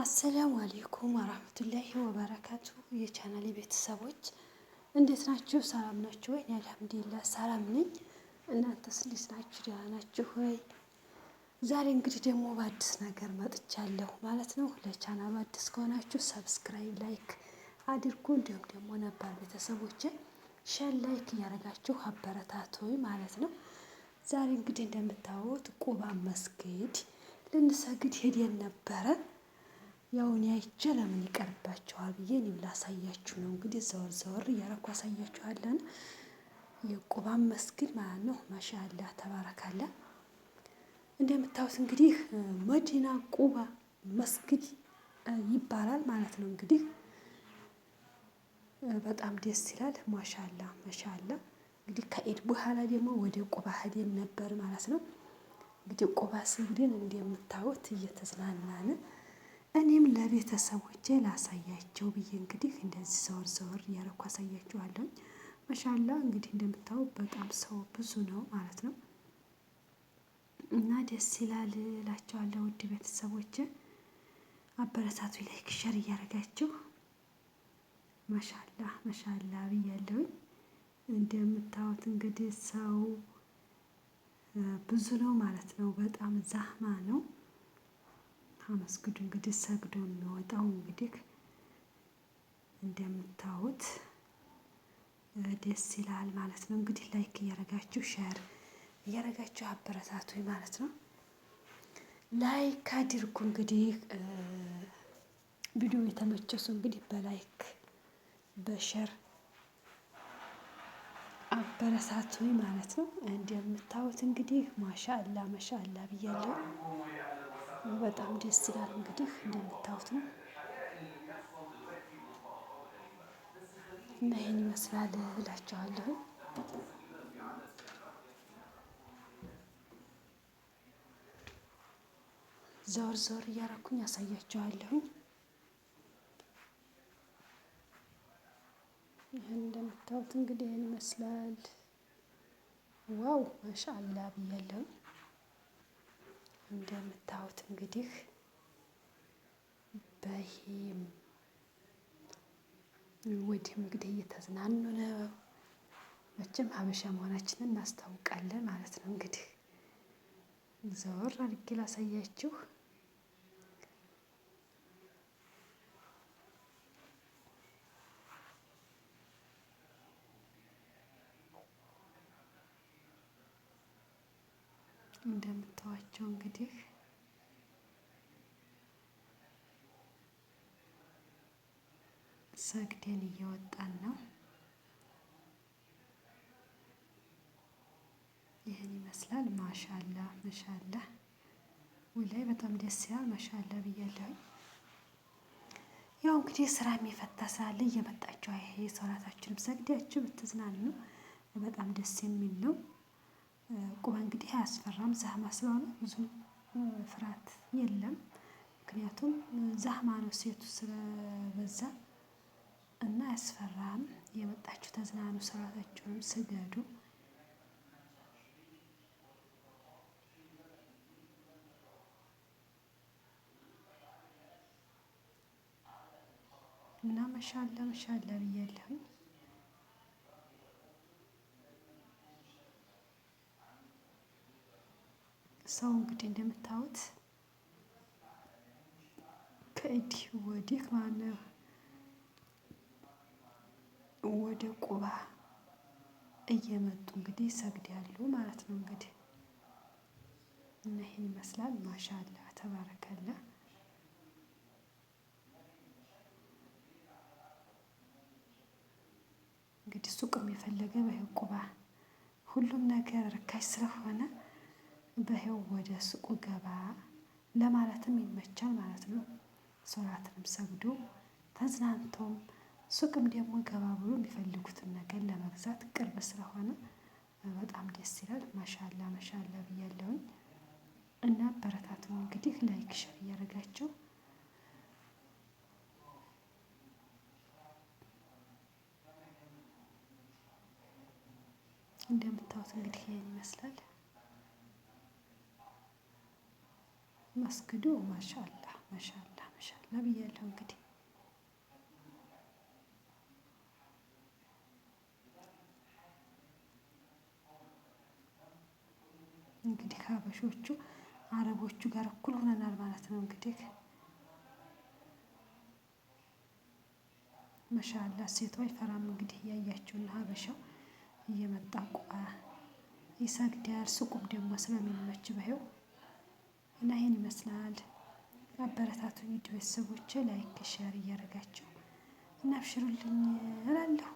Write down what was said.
አሰላሙ አሌይኩም ወራህመቱላሂ ወበረካቱ የቻናሌ ቤተሰቦች እንዴት ናችሁ? ሰላም ናችሁ ወይ? አልሐምዱሊላህ ሰላም ነኝ። እናንተስ እንዴት ናችሁ? ደህና ናችሁ ወይ? ዛሬ እንግዲህ ደግሞ በአዲስ ነገር መጥቻለሁ ማለት ነው። ለቻናሉ አዲስ ከሆናችሁ ሰብስክራይብ፣ ላይክ አድርጉ። እንዲሁም ደግሞ ነባር ቤተሰቦችን ሸር፣ ላይክ እያደረጋችሁ አበረታቱ ማለት ነው። ዛሬ እንግዲህ እንደምታዩት ቁባ መስጊድ ልንሰግድ ሄደን ነበረ ያው እኔ አይቼ ለምን ይቀርባቸዋል ብዬ እኔም ላሳያችሁ ነው እንግዲህ ዘወር ዘወር እያረኩ አሳያችኋለን። የቁባን መስጊድ ማለት ነው። ማሻአላህ ተባረካለ። እንደምታዩት እንግዲህ መዲና ቁባ መስጊድ ይባላል ማለት ነው። እንግዲህ በጣም ደስ ይላል። ማሻላ ማሻላ እንግዲህ ከኢድ በኋላ ደግሞ ወደ ቁባ ሄደን ነበር ማለት ነው። እንግዲህ ቁባ ስንሄድ እንደምታዩት እየተዝናናን እኔም ለቤተሰቦቼ ላሳያቸው ብዬ እንግዲህ እንደዚህ ዘወር ዘወር እያረኩ አሳያችኋለሁኝ። መሻላ እንግዲህ እንደምታው በጣም ሰው ብዙ ነው ማለት ነው እና ደስ ይላል እላቸዋለሁ። ውድ ቤተሰቦች አበረታቱ፣ ላይክ ሸር እያደረጋችሁ መሻላ መሻላ ብያለሁኝ። እንደምታዩት እንግዲህ ሰው ብዙ ነው ማለት ነው። በጣም ዛህማ ነው። አመስግዶ እንግዲህ ሰግዶ የሚወጣው እንግዲህ እንደምታዩት ደስ ይላል ማለት ነው። እንግዲህ ላይክ እያረጋችሁ ሸር እያረጋችሁ አበረታቱ ማለት ነው። ላይክ አድርጉ እንግዲህ ቪዲዮ የተመቸሱ እንግዲህ በላይክ በሸር አበረታቱ ማለት ነው። እንደምታዩት እንግዲህ ማሻአላ ማሻአላ ብያለሁ። በጣም ደስ ይላል። እንግዲህ እንደምታዩት ነው እና ይህን ይመስላል እላቸዋለሁ። ዞር ዞር እያረኩኝ ያሳያቸዋለሁኝ። ይህን እንደምታዩት እንግዲህ ይህን ይመስላል። ዋው ማሻአላ ብያለሁኝ እንደምት የሰራሁት እንግዲህ በሂም ወዲህም እንግዲህ እየተዝናኑ ነው። መቼም ሀበሻ መሆናችንን እናስታውቃለን ማለት ነው። እንግዲህ ዘወር አድርጌ ላሳያችሁ። እንደምታዋቸው እንግዲህ ሰግደን እየወጣን ነው። ይህን ይመስላል። ማሻላ ማሻላ ላይ በጣም ደስ ያል ማሻላ ብያለሁ። ያው እንግዲህ ስራ የሚፈታ ስላለ እየመጣችሁ የሰራታችንም ሰግዳችሁ ብትዝናኑ በጣም ደስ የሚል ነው። ቁመ እንግዲህ አያስፈራም። ዛህማ ስለሆነ ብዙ ፍርሃት የለም። ምክንያቱም ዛህማ ነው ሴቱ ስለበዛ እና አያስፈራም። የመጣችሁ ተዝናኑ፣ ስራታችሁን ስገዱ። እና መሻለ መሻለ ብያለሁኝ። ሰው እንግዲህ እንደምታዩት ከእዲህ ወዲህ ማነው ወደ ቁባ እየመጡ እንግዲህ ይሰግዳሉ ማለት ነው። እንግዲህ እና ይህን ይመስላል። ማሻላ ተባረከላ። እንግዲህ ሱቅም የፈለገ በሄው ቁባ ሁሉም ነገር ርካሽ ስለሆነ በሄው ወደ ሱቁ ገባ ለማለትም ይመቻል ማለት ነው። ሶላትንም ሰግዶ ተዝናንቶም ሱቅም ደግሞ ገባ ብሎ የሚፈልጉትን ነገር ለመግዛት ቅርብ ስለሆነ በጣም ደስ ይላል። ማሻላ ማሻላ ብያለሁኝ። እና በረታቱ እንግዲህ ላይክ ሸር እያደረጋቸው እንደምታዩት እንግዲህ ይህን ይመስላል መስግዱ ማሻላ ማሻላ ማሻላ ብያለው እንግዲህ እንግዲህ ከሀበሾቹ አረቦቹ ጋር እኩል ሆነናል ማለት ነው። እንግዲህ መሻላ ሴቷ አይፈራም። እንግዲህ እያያችሁን ሀበሻው እየመጣ ቋ ይሰግዳል። ሱቁም ደግሞ ስለሚመች በሄው እና ይህን ይመስላል። አበረታቱ ቤተሰቦቼ ላይክ ሸር እያደረጋቸው እና እላለሁ።